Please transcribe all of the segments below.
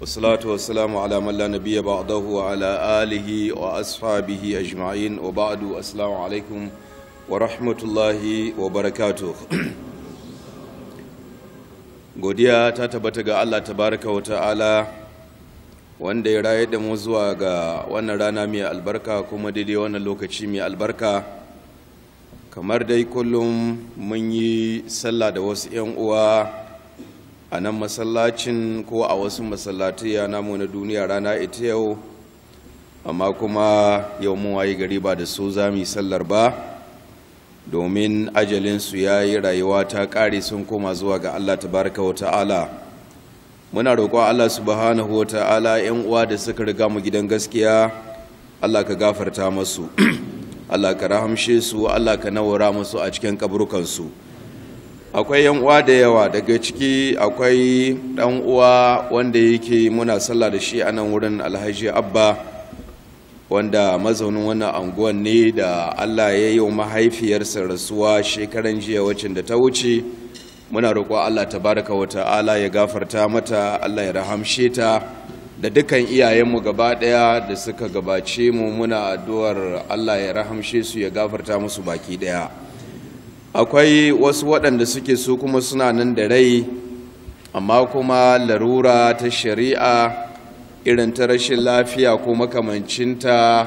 wasalatu wasalamu ala malla la nabiyya ba'dahu ala alihi wa ashabihi ajma'in wa ba'du assalamu alaikum wa rahmatullahi wa barakatu godiya ta tabbata ga Allah tabaraka wa ta'ala wanda ya raye da mu zuwa ga wannan rana mai albarka kuma daidai wannan lokaci mai albarka kamar dai kullum mun yi sallah da wasu 'yan uwa a nan masallacin ko a wasu masallatai namu na duniya rana ita yau amma kuma yau mun waye gari ba da su za mu sallar ba domin ajalinsu ya yi rayuwa ta ƙare sun koma zuwa ga Allah tabaraka wa ta'ala muna roƙon Allah su subhanahu wa ta'ala 'yan uwa da suka riga mu gidan gaskiya Allah ka gafarta masu Allah ka rahamshe su Allah ka nawara masu a cikin ƙabrukansu. akwai yan uwa da yawa daga ciki akwai dan uwa wanda yake muna sallah da shi a nan wurin alhaji abba wanda mazaunin wannan anguwan ne da allah ya yi mahaifiyarsa rasuwa shekaran jiya wacin da ta wuce muna roƙo allah ta baraka wa ta'ala ya gafarta mata allah ya rahamshe ta da dukkan iyayenmu gaba ɗaya da suka gabace mu muna addu'ar allah ya rahamshe su ya gafarta musu baki ɗaya akwai wasu waɗanda suke su kuma suna nan da rai amma kuma larura ta shari'a irin ta rashin lafiya ko makamancinta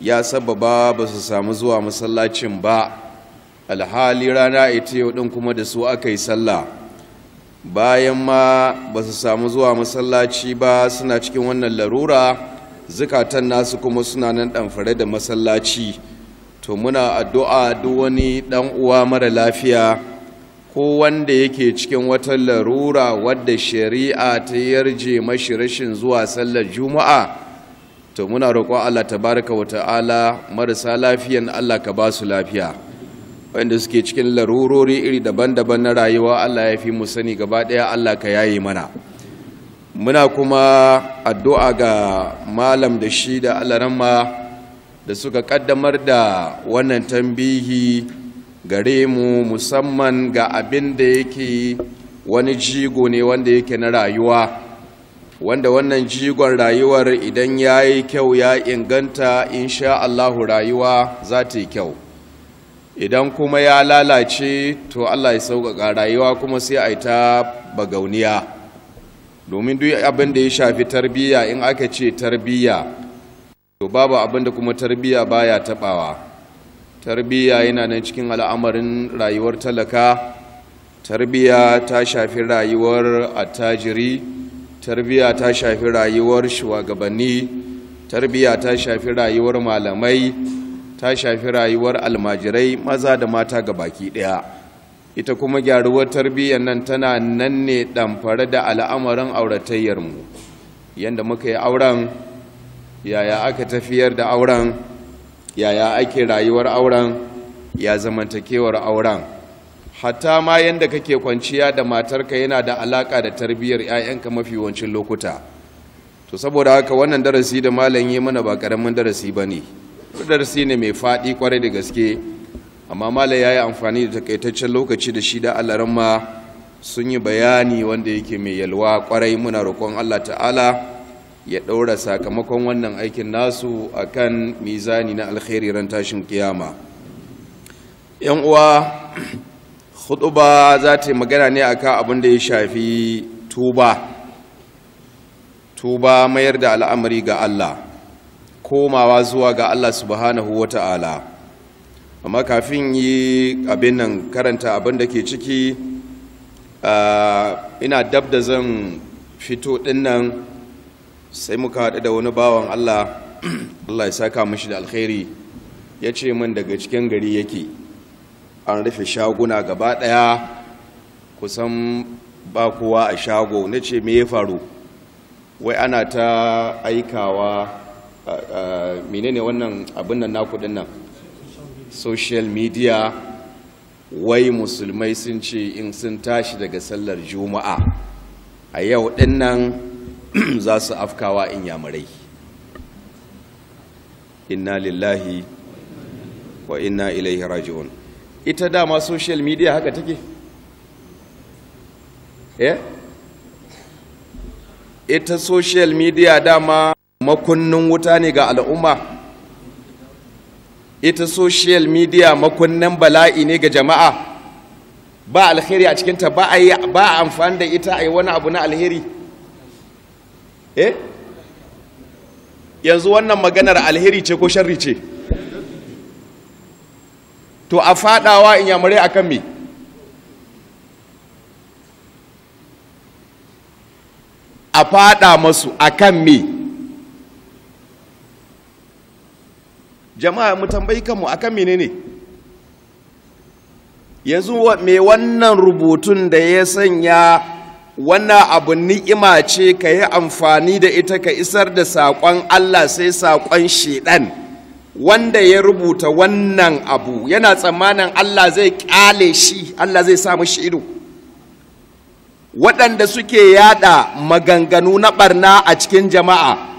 ya sababa ba su samu zuwa masallacin ba alhali rana ita yau ɗin kuma da su aka yi sallah bayan ma ba su samu zuwa masallaci ba suna cikin wannan larura zukatan nasu kuma suna nan ɗanfare da masallaci to muna addu'a duk wani dan uwa mara lafiya ko wanda yake cikin wata larura wadda shari'a ta yarje mashi rashin zuwa sallar juma'a to muna roƙon Allah tabaraka wa ta'ala marasa lafiyan Allah ka ba su lafiya wanda suke cikin larurori iri daban-daban na rayuwa Allah ya fi mu sani gaba ɗaya Allah ka yaye mana muna kuma addu'a ga malam da shi da Allah ramma da suka kaddamar da wannan tambihi gare mu musamman ga abin da yake wani jigo ne wanda yake na rayuwa wanda wannan jigon rayuwar idan ya yi kyau ya inganta insha Allahu rayuwa za ta yi kyau idan kuma ya lalace to Allah ya sauƙaƙa rayuwa kuma sai a yi ta bagauniya domin duk abin da ya shafi tarbiyya in aka ce tarbiyya to babu abin da kuma tarbiya baya tabawa tarbiya yana nan cikin al'amarin rayuwar talaka tarbiya ta shafi rayuwar attajiri tarbiya ta shafi rayuwar shugabanni tarbiya ta shafi rayuwar malamai ta shafi rayuwar almajirai maza da mata ga baki daya ita kuma gyaruwar tarbiyyar nan tana nan ne damfare da al'amarin auratayyarmu yadda muka yi auren yaya aka tafiyar da auren yaya ake rayuwar auren ya zamantakewar auren hatta ma yadda kake kwanciya da matarka yana da alaka da tarbiyyar 'ya'yanka mafi wancin lokuta to saboda haka wannan darasi da malam yi mana ba karamin darasi ba ne darasi ne mai faɗi kwarai da gaske amma malam ya yi amfani da takaitaccen lokaci da shi da alaran ma sun yi bayani wanda yake mai yalwa kwarai muna roƙon allah ta'ala ya ɗaura sakamakon wannan aikin nasu a kan mizani na alkhairi ran tashin kiyama yan uwa huɗuba za ta yi magana ne akan abin da ya shafi tuba tuba mayar da al'amari ga Allah komawa zuwa ga Allah subhanahu wa ta'ala amma kafin yi abin nan karanta abin da ke ciki ah, ina dab da zan fito ɗin nan sai muka haɗu da wani bawan Allah Allah ya saka mashi da alkhairi ya ce min daga cikin gari yake an rufe shaguna gaba ɗaya kusan ba kowa a shago na ce me ya faru wai ana ta aikawa menene wannan abin nan kuɗin nan social media wai musulmai sun ce in sun tashi daga sallar juma'a a yau ɗin nan za su afkawa inyamurai inna lillahi wa inna ilaihi raji'un ita dama social media haka take eh ita social media dama makunnin wuta ne ga al'umma ita social media makunnin bala'i ne ga jama'a ba alheri a cikinta ba a amfani da ita a yi wani abu na alheri eh yanzu wannan maganar alheri ce ko sharri ce to a fadawa a akan me a fada masu akan me jama'a mu tambayi kanmu akan ne. yanzu me wannan rubutun da ya sanya wannan abu ni'ima ce ka yi amfani da ita ka isar da saƙon Allah sai saƙon shiɗan wanda ya rubuta wannan abu yana tsammanin Allah zai ƙyale shi Allah zai samu shi ido waɗanda suke yada maganganu na ɓarna a cikin jama'a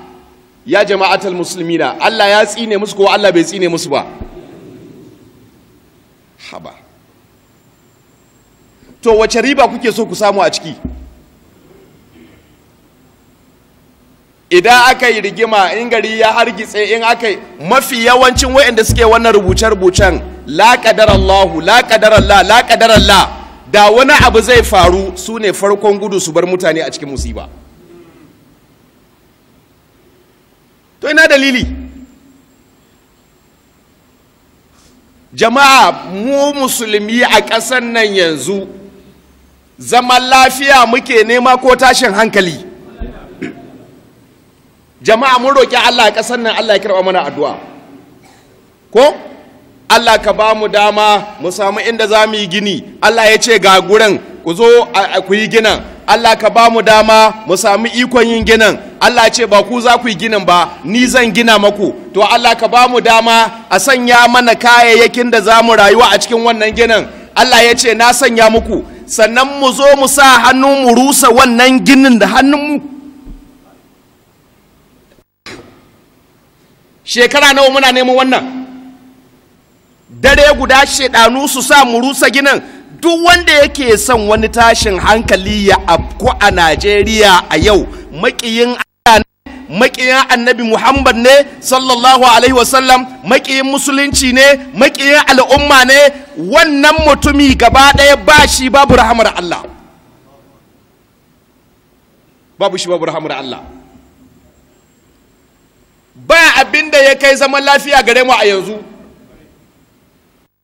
ya jama'atul musulmina Allah ya tsine musu ko Allah bai tsine musu ba haba to wace riba kuke so ku samu a ciki idan aka yi rigima in gari ya hargitse in aka mafi yawancin waɗanda suke wannan rubuce-rubucen la kadar Allah la kadar Allah la kadar Allah da wani abu zai faru su ne farkon gudu su bar mutane a cikin musiba to ina dalili jama'a mu musulmi a ƙasar nan yanzu zaman lafiya muke nema ko tashin hankali jama'a mun roƙi Allah a ƙasar nan Allah ya karɓa mana addu'a ko Allah ka ba mu dama mu samu inda za mu yi gini Allah ya ce ga gurin ku zo ku yi ginin Allah ka ba mu dama mu samu ikon yin ginin Allah ce ba ku za ku yi ginin ba ni zan gina maku to Allah ka ba mu dama a sanya mana kayayyakin da za mu rayuwa a cikin wannan ginin Allah ya ce na sanya muku sannan mu zo mu sa hannu mu rusa wannan ginin da hannunmu shekara nawa muna neman wannan dare guda shedanu su sa mu rusa ginin duk wanda yake son wani tashin hankali ya afku a najeriya a yau makiyin makiyin annabi muhammad ne sallallahu alaihi wasallam makiyin musulunci ne makiyin al'umma ne wannan mutumi gaba ɗaya ba shi babu rahamar allah babu shi babu rahamar allah ba abin da ya kai zaman lafiya gare mu a yanzu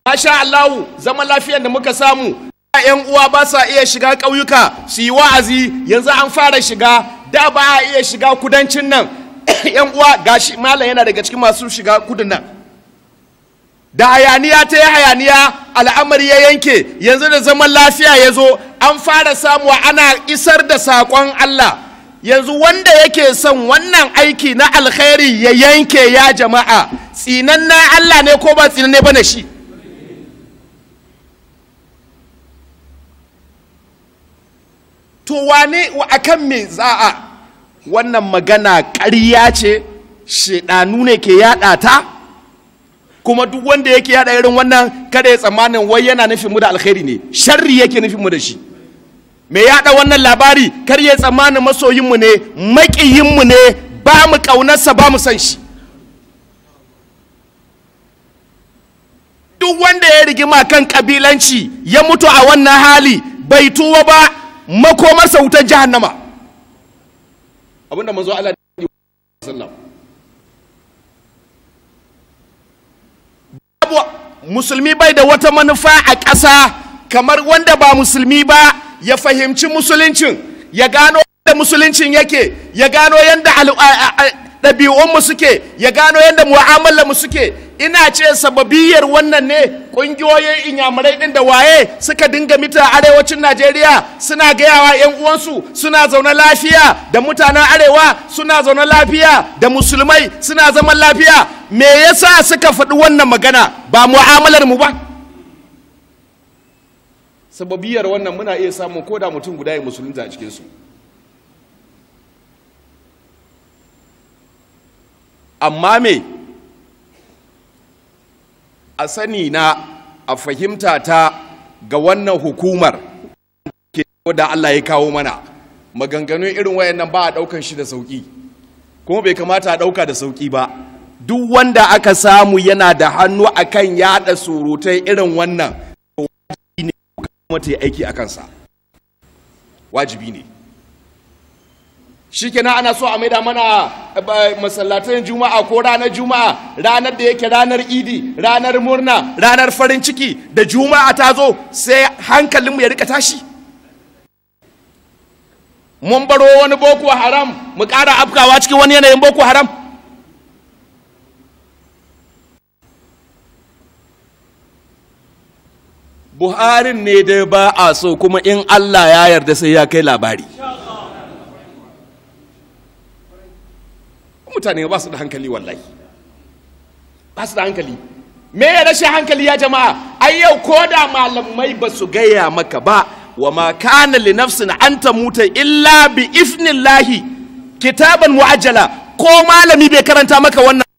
masha Allahu zaman lafiyar da muka samu yan uwa ba sa iya shiga ƙauyuka su yi wa'azi yanzu an fara shiga da ba a iya shiga kudancin nan yan uwa gashi malam yana daga cikin masu shiga kudin nan da hayaniya ta yi hayaniya al'amari ya yanke yanzu da zaman lafiya ya zo an fara samuwa ana isar da saƙon Allah yanzu wanda yake son wannan aiki na alkhairi ya yanke ya jama'a tsinan Allah ne ko ba tsinanne ba na shi to wane wa akan me za'a wannan magana ƙarya ce shaidanu ne ke yaɗa ta kuma duk wanda yake yaɗa irin wannan kada ya tsammanin wai yana nufin mu da alkhairi ne sharri yake nufin mu da shi me yaɗa wannan labari kar ya tsammanin masoyinmu ne maƙiyinmu ne ba mu ƙaunarsa ba mu san shi duk wanda ya rigima kan ƙabilanci ya mutu a wannan hali bai tuwa ba makomarsa wutar jahannama abinda manzo Allah sallam musulmi bai da wata manufa a ƙasa kamar wanda ba musulmi ba ya fahimci musuluncin ya gano yadda musuluncin yake ya gano yadda ɗabi'unmu suke ya gano yadda mu suke ina ce sababiyar wannan ne ƙungiyoyin inyamurai ɗin da waye suka dinga mita arewacin najeriya suna gayawa 'yan uwansu suna zaune lafiya da mutanen arewa suna zaune lafiya da musulmai suna zaman lafiya me yasa suka faɗi wannan magana ba mu'amalar mu ba sababiyar wannan muna iya samun ko da mutum guda ya musulunta a cikinsu amma me a sani na a fahimta ta ga wannan hukumar ke da Allah ya kawo mana maganganun irin wayannan ba a daukan shi da sauki kuma bai kamata a dauka da sauki ba duk wanda aka samu yana da hannu akan yada surutai irin wannan kuma ya aiki a kansa wajibi ne shi kenan ana so a maida mana eh, masallatan juma'a ko ranar juma'a ranar da yake ranar idi ranar murna ranar farin ciki da juma'a ta zo sai hankalinmu ya rika tashi mun baro wani boko haram mu ƙara afkawa cikin wani yanayin boko haram buharin ne dai ba a so kuma in allah ya yarda sai ya kai labari mutane ba su da hankali wallahi ba su da hankali me ya rashin hankali ya jama'a ai yau ko da malamai ba su gaya maka ba wa ma kana li nafsin an tamuta illa bi ifnillahi kitaban mu'ajjala ko malami bai karanta maka wannan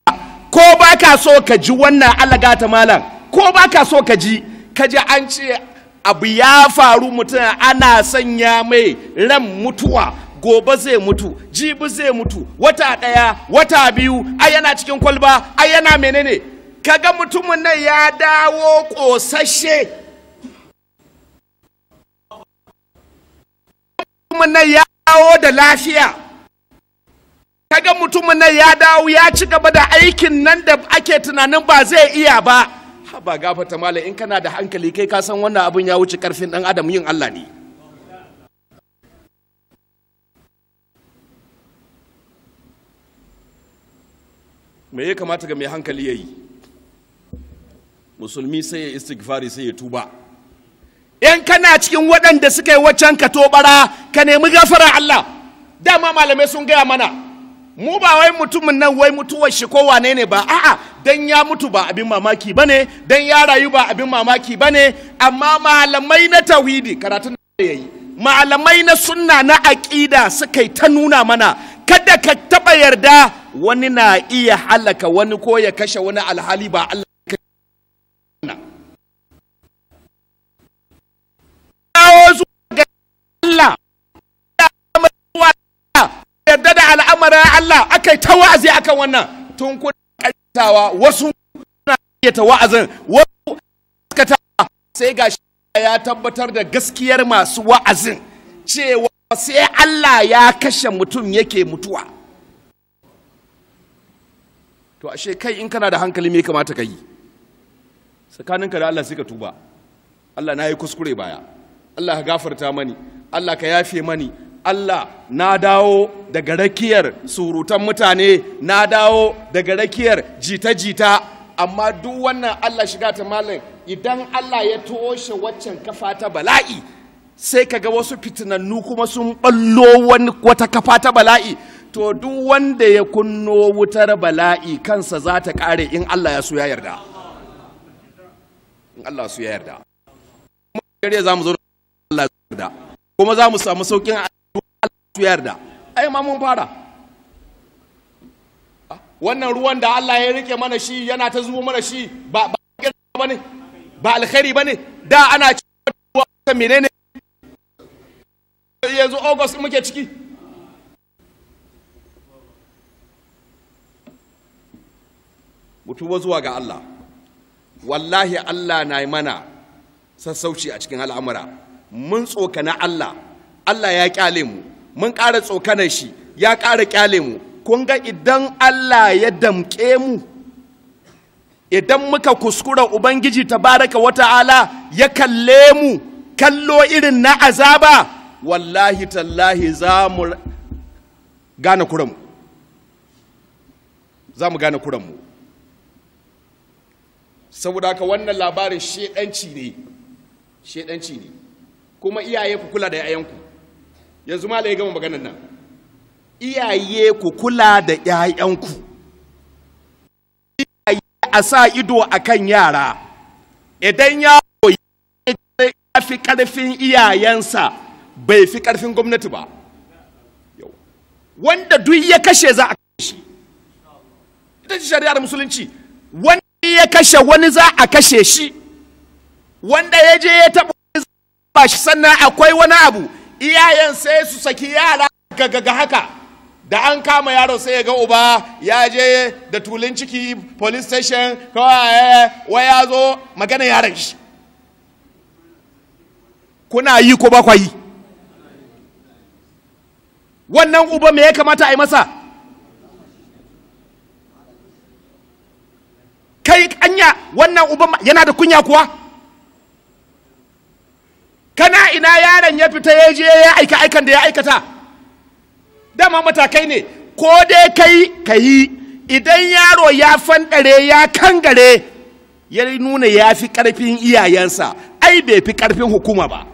ko ba ka so ka ji wannan alagata malam ko ba ka so ka ji kaji an ce abu ya faru mutum ana sanya mai ran mutuwa gobe zai mutu jibi zai mutu wata ɗaya wata biyu ai yana cikin kwalba ai yana menene kaga mutumin nan ya dawo ƙosashe mutumin nan ya dawo da lafiya kaga mutumin nan ya dawo ya ci gaba da aikin nan da ake tunanin ba zai iya ba ba gafata mala in kana da hankali kai ka san wannan abin ya wuce karfin dan adam yin Allah ne me ya kamata ga mai hankali ya yi musulmi sai ya istighfari sai ya tuba in kana cikin waɗanda suka yi waccan ka tobara ka nemi gafara Allah dama malamai sun gaya mana mu ba wai mutumin nan wai mutuwar shi ko wane ne ba a'a dan ya mutu ba abin mamaki bane dan ya rayu ba abin mamaki bane amma malamai na tauhidi karatun da yayi malamai na sunna na aqida suka yi ta nuna mana kada ka taba yarda wani na iya halaka wani ko ya kashe wani alhali ba Allah Allah aka yi ta wa'azi akan wannan tun kuna ƙarfitawa wasu na iya ta wa'azin wasu kaskatawa sai ga ya tabbatar da gaskiyar masu wa'azin cewa sai Allah ya kashe mutum yake mutuwa to ashe kai in kana da hankali me kamata ka yi tsakaninka da Allah sai ka tuba Allah na yi kuskure baya Allah ka gafarta mani Allah ka yafe mani Allah na dawo daga rakiyar surutan mutane na dawo daga rakiyar jita-jita amma duk wannan Allah shiga ta malin idan Allah ya toshe waccan kafa ta bala'i sai kaga wasu fitinannu kuma sun ballo wata kafa ta bala'i to duk wanda ya kunno wutar bala'i kansa za ta kare in Allah ya so ya yarda in Allah su ya yarda kuma za mu zo Allah ya yarda kuma za mu samu saukin tuyar da ai ma mun fara ah, wannan ruwan da Allah ya rike mana shi yana ta zubo mana shi ba ba bane ba alkhairi ba ne da ana cewa menene yanzu august muke ciki mutuwa zuwa ga Allah wallahi Allah na yi mana sassauci a cikin al'amura mun tsokana Allah Allah ya kyale mu mun ƙara tsokanar shi ya ƙara ƙyale mu kun ga idan Allah ya damƙe mu idan muka kuskura ubangiji tabaraka wata'ala ya kalle mu kallo irin na azaba wallahi tallahi za mu gane kuranmu za mu gane kuranmu saboda haka wannan labarin shedanci ne shedanci ne kuma iyaye ku kula da 'ya'yanku yanzu mala ya gama maganar nan iyaye ku kula da 'ya'yanku iyaye a sa ido a kan yara idan yaro ya fi ƙarfin iyayensa bai fi ƙarfin gwamnati ba wanda duk ya kashe za a kashe shi ita ce shari'ar musulunci wanda ya kashe wani za a kashe shi wanda ya je ya taɓa wani za a shi sannan akwai wani abu iyayen sai su saki yara gagaga haka da an kama yaro sai ya ga uba ya je da tulun ciki police station kawai eh, waya zo magana yaron shi kuna yi ko ba yi wannan uba me ya kamata a yi masa kai anya wannan uba yana da kunya kuwa kana ina yaron ya fita ya je ya aika aikan da ya aikata dama matakai ne ko dai kai ka yi idan yaro ya fanɗare ya kangare ya nuna ya fi ƙarfin iyayensa ai bai fi karfin hukuma ba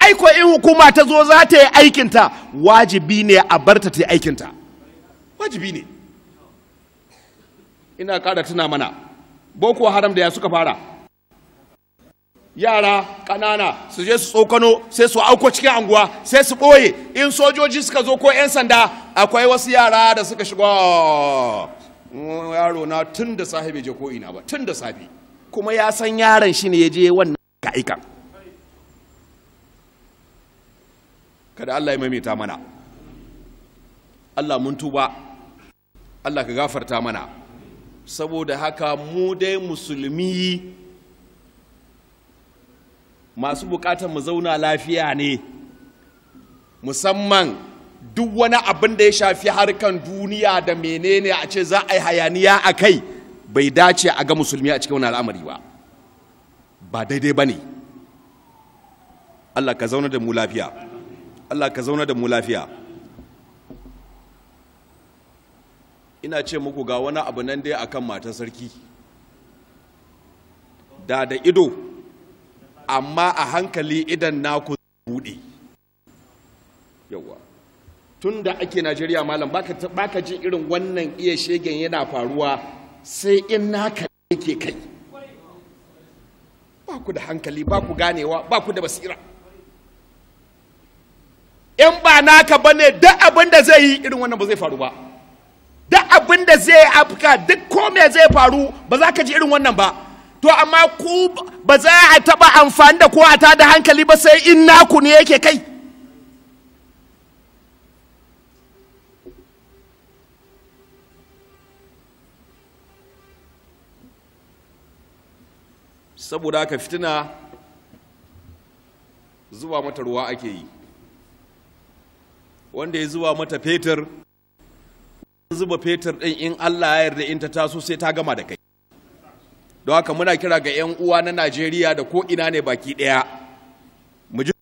ai ko in hukuma ta zo za ta yi aikinta wajibi ne a barta ta yi aikinta wajibi ne ina ƙara tuna mana boko haram da ya suka fara yara kanana su je su tsokano sai su auko cikin anguwa sai su ɓoye in sojoji suka zo ko 'yan sanda akwai wasu yara da suka shigo oh, yaro na tun da safe bai je ko ina ba tun da safe kuma ya san yaron shi ne ya je wannan ka'ika kada Allah ya maimaita mana Allah mun tuba Allah ka gafarta mana saboda haka mu dai musulmi masu bukatar mu zauna lafiya ne musamman duk wani abin da ya shafi harkan duniya da menene a ce za a yi hayaniya a kai bai dace a ga musulmi a cikin wani al'amari ba ba daidai ba ne allah ka zauna da mu lafiya allah ka zauna da mu lafiya ina ce muku ga wani abu nan dai akan matan sarki da da ido amma a hankali idan naku buɗe yawa tun da ake najeriya malam baka jin irin wannan iya shegen yana faruwa sai in naka yake kai ba ku da hankali ba ku ganewa ba ku da basira in ba naka bane duk abin da zai yi irin wannan ba zai faru ba duk abin da zai afka duk kome zai faru ba za ka ji irin wannan ba to amma ku ba za a taɓa amfani da ko a ta da hankali ba sai in naku ne yake kai saboda haka fitina zuwa mata ruwa ake yi wanda ya zuwa mata fetur zuba fetur ɗin in allah ya yarda in ta taso sai ta gama da kai don haka muna kira ga 'yan uwa na najeriya da ko ina ne baki ɗaya mu ji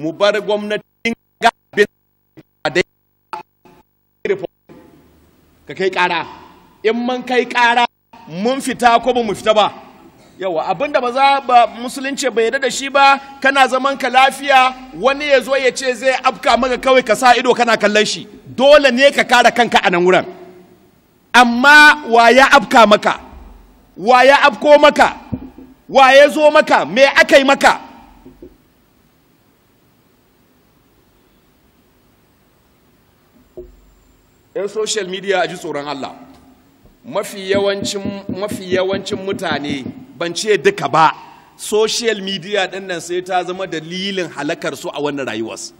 mu bar gwamnatin gabin ka kai ƙara in man kai ƙara mun fita ko ba mu fita ba yawa abinda ba za ba musulunci bai yarda da shi ba kana zaman ka lafiya wani ya zo ya ce zai afka maka kawai ka sa ido kana kallon shi dole ne ka kara kanka a nan wurin amma wa ya afka maka wa ya afko maka wa ya zo maka me aka yi maka yan social media aji tsoron Allah mafi yawancin mafi yawancin mutane ban ce duka ba social media din nan sai ta zama dalilin halakar su a wannan rayuwarsu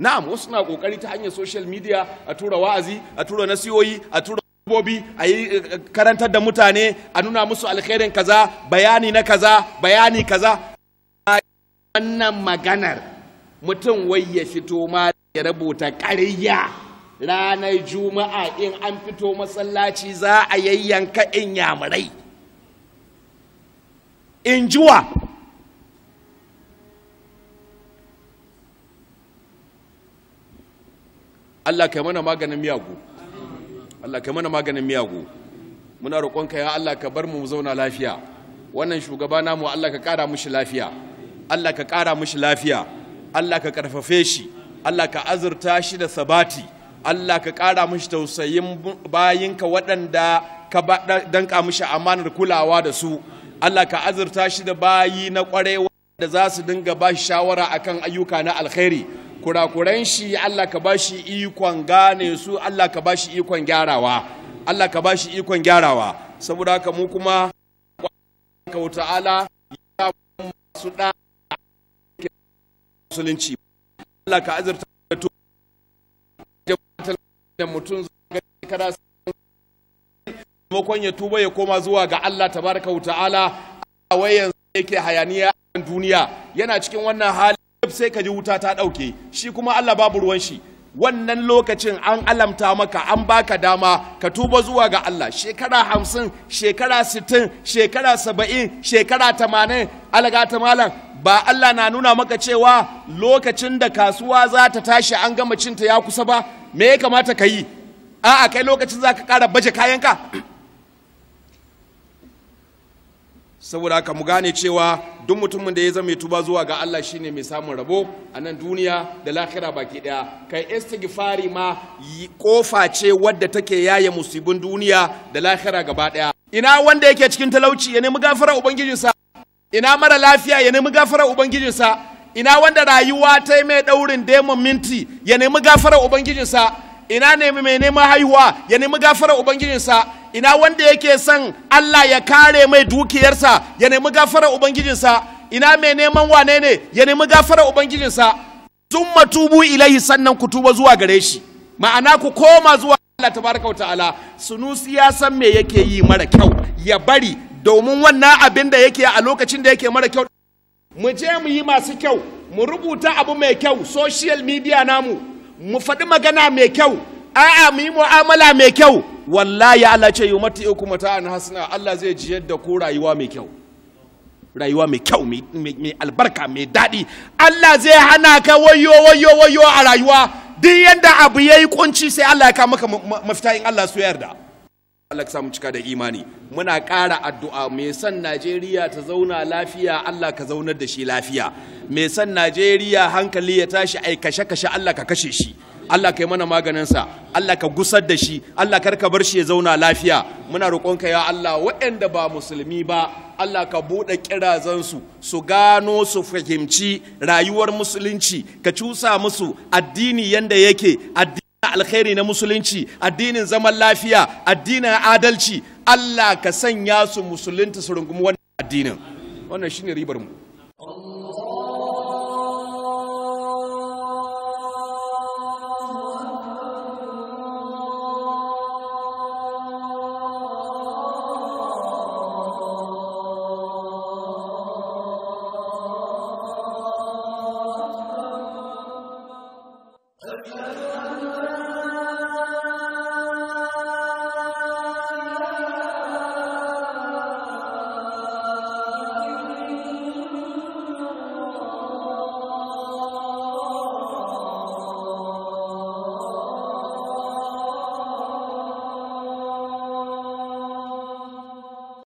na'am wasu na kokari ta hanyar social media a tura wa'azi a tura nasiyoyi a tura bobi a yi eh, eh, karantar da mutane a nuna musu alkhairin kaza bayani na kaza bayani kaza wannan maganar mutum wai ya fito ma ya rubuta ƙarya ranar juma'a in an fito masallaci za a yayyanka in yamurai in juwa Allah kai mana maganin miyagu Allah ka mana maganin miyagu muna roƙonka ya Allah ka bar mu mu zauna lafiya wannan shugaba namu Allah ka ƙara mushi lafiya Allah ka ƙara mushi lafiya Allah ka ƙarfafe shi Allah ka azurta shi da sabati Allah ka ƙara mushi tausayin bayinka waɗanda ka danƙa mushi amanar kulawa da su Allah ka azurta shi da bayi na ƙwarewa da za su dinga ba shawara akan ayyuka na alkhairi kurakuran shi Allah ka ba shi ikon gane su Allah ka ba shi ikon gyarawa Allah ka ba shi ikon gyarawa saboda haka mu kuma ka Ala ya masu da musulunci Allah ka azurta da to da mutum kada maimakon ya tuba ya koma zuwa ga Allah tabaraka wa ta'ala a wayan yake hayaniya a duniya yana cikin wannan hali sai ka ji wuta ta ɗauke shi kuma Allah babu ruwan shi wannan lokacin an alamta maka an baka dama ka tuba zuwa ga Allah shekara hamsin shekara sittin shekara saba'in shekara tamanin alagata malam ba Allah na nuna maka cewa lokacin da kasuwa za ta tashi an gama cinta ya kusa ba me ya kamata ka yi a'a kai lokacin za ka kara baje kayanka saboda ka mu gane cewa duk mutumin da ya zama tuba zuwa ga Allah shine mai samun rabo a nan duniya da lahira baki daya kai istighfari ma kofa ce wadda take yaye musibin duniya da lahira gaba daya ina wanda yake cikin talauci ya nemi gafara ubangijinsa ina mara lafiya ya nemi gafara ubangijinsa ina wanda rayuwa ta mai daurin demon minti ya nemi gafara ubangijinsa ina nemi mai neman haihuwa ya nemi gafara ubangijinsa ina wanda yake son Allah ya kare mai dukiyarsa ya nemi gafara ubangijinsa ina mai neman wane ne ya nemi gafara ubangijinsa sun matubu ilaihi sannan ku tuba zuwa gare shi ma'ana ku koma zuwa Allah tabaraka wa ta'ala sunusi ya san me yake yi mara kyau ya bari domin wannan abin da yake a lokacin da yake mara kyau mu je mu yi masu kyau mu rubuta abu mai kyau social media namu mu faɗi magana mai kyau a'a mu yi mu'amala mai kyau wallahi Allah ce yi mata iku mata an hasna Allah zai ji yadda ku rayuwa mai kyau rayuwa mai kyau mai albarka mai daɗi Allah zai hana ka wayo wayo wayo a rayuwa duk yadda abu ya yi kunci sai Allah ya kama mafita in Allah su yarda Allah ka samu cika da imani muna ƙara addu'a mai san Najeriya ta zauna lafiya Allah ka zaunar da shi lafiya mai san Najeriya hankali ya tashi ai kashe kashe Allah ka kashe shi Allah ka yi mana maganinsa Allah ka gusar da shi Allah kar ka bar shi ya zauna lafiya muna roƙonka ya Allah waɗanda ba musulmi ba Allah ka buɗe ƙirazansu su gano su fahimci rayuwar musulunci ka cusa musu addini yanda yake addini alkhairi na musulunci addinin zaman lafiya addinin adalci Allah ka sanya su musulunta su rungumi wannan addinin wannan shine ribar mu